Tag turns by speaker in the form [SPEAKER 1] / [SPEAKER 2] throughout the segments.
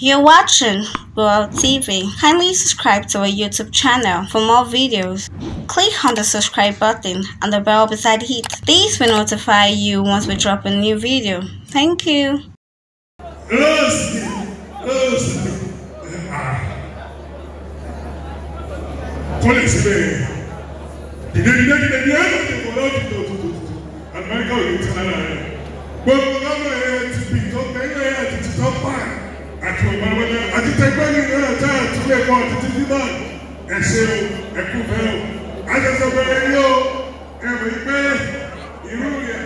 [SPEAKER 1] You're watching World TV. Kindly subscribe to our YouTube channel for more videos. Click on the subscribe button and the bell beside it. This will notify you once we drop a new video. Thank you. America will be around. Gbogbo gbogbo ẹ̀ ti bìtọ́ kẹ́lẹ́ ẹ̀ ti ti tọ́ àti ọba wẹlẹ àti tẹgbẹni náà tá a tún lè kọ títí bíbá ẹsẹ o ẹkú fẹ o àjọṣe bẹ̀rẹ̀ yìí o ẹmọ ìgbẹ irú yẹ.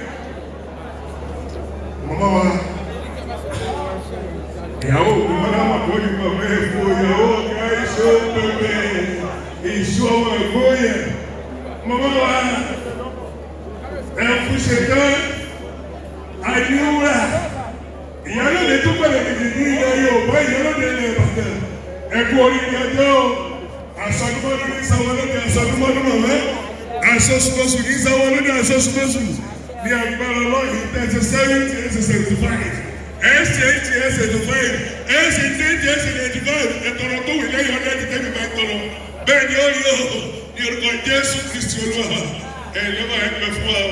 [SPEAKER 1] màmá wa ìyàwó mi wọn náà wà lórí bàbá ẹ̀fọ́ ìyàwó ọ̀gá iṣẹ́ òpèpè ìṣú ọmọ ẹ̀fọ́ yẹ màmá wa ẹ̀fọ́ ṣẹ̀dá àdìwúrà ìyálòde tó pẹ̀lẹ́ gidi ní ilẹ̀ Yorùbá ìyálòde ilẹ̀ Ìbàdàn ẹ̀kú oríire ọjọ́ o àṣàdúmọ́dún ní sáwọlódé àṣàdúmọ́dún mọ̀mẹ́ àṣọṣùkọṣù ní sáwọlódé àṣọṣùkọṣù ní agbára lọ́yìn thirty seven to eight seventy five ẹsẹ̀ eighty eight seventy five ẹsẹ̀ twenty eight seventy five ẹ̀tọ́rọ̀ tó wù lẹ́yìn ọdún ẹ̀dí tẹ́bi máa ń tọrọ bẹ́ẹ̀ ni ó rí o ní orúkọ Jésù Kristi Olúwa ẹ̀ lọ́wọ́ ẹ̀ pẹ̀ fún wa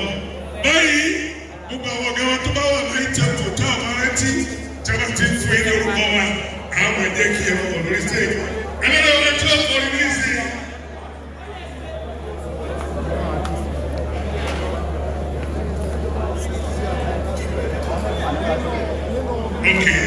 [SPEAKER 1] báyìí gbogbo àwọn ọ̀gá wa tó bá wà láì jẹun tó tá a máa tí jọlọ ti fún yín lórúkọ wa àwọn ẹjẹ kí ẹ wọ lórí stage ẹlẹ́dọ̀ ọ̀rẹ́ tí wọ́n kọrin ní ìsìn. Okay.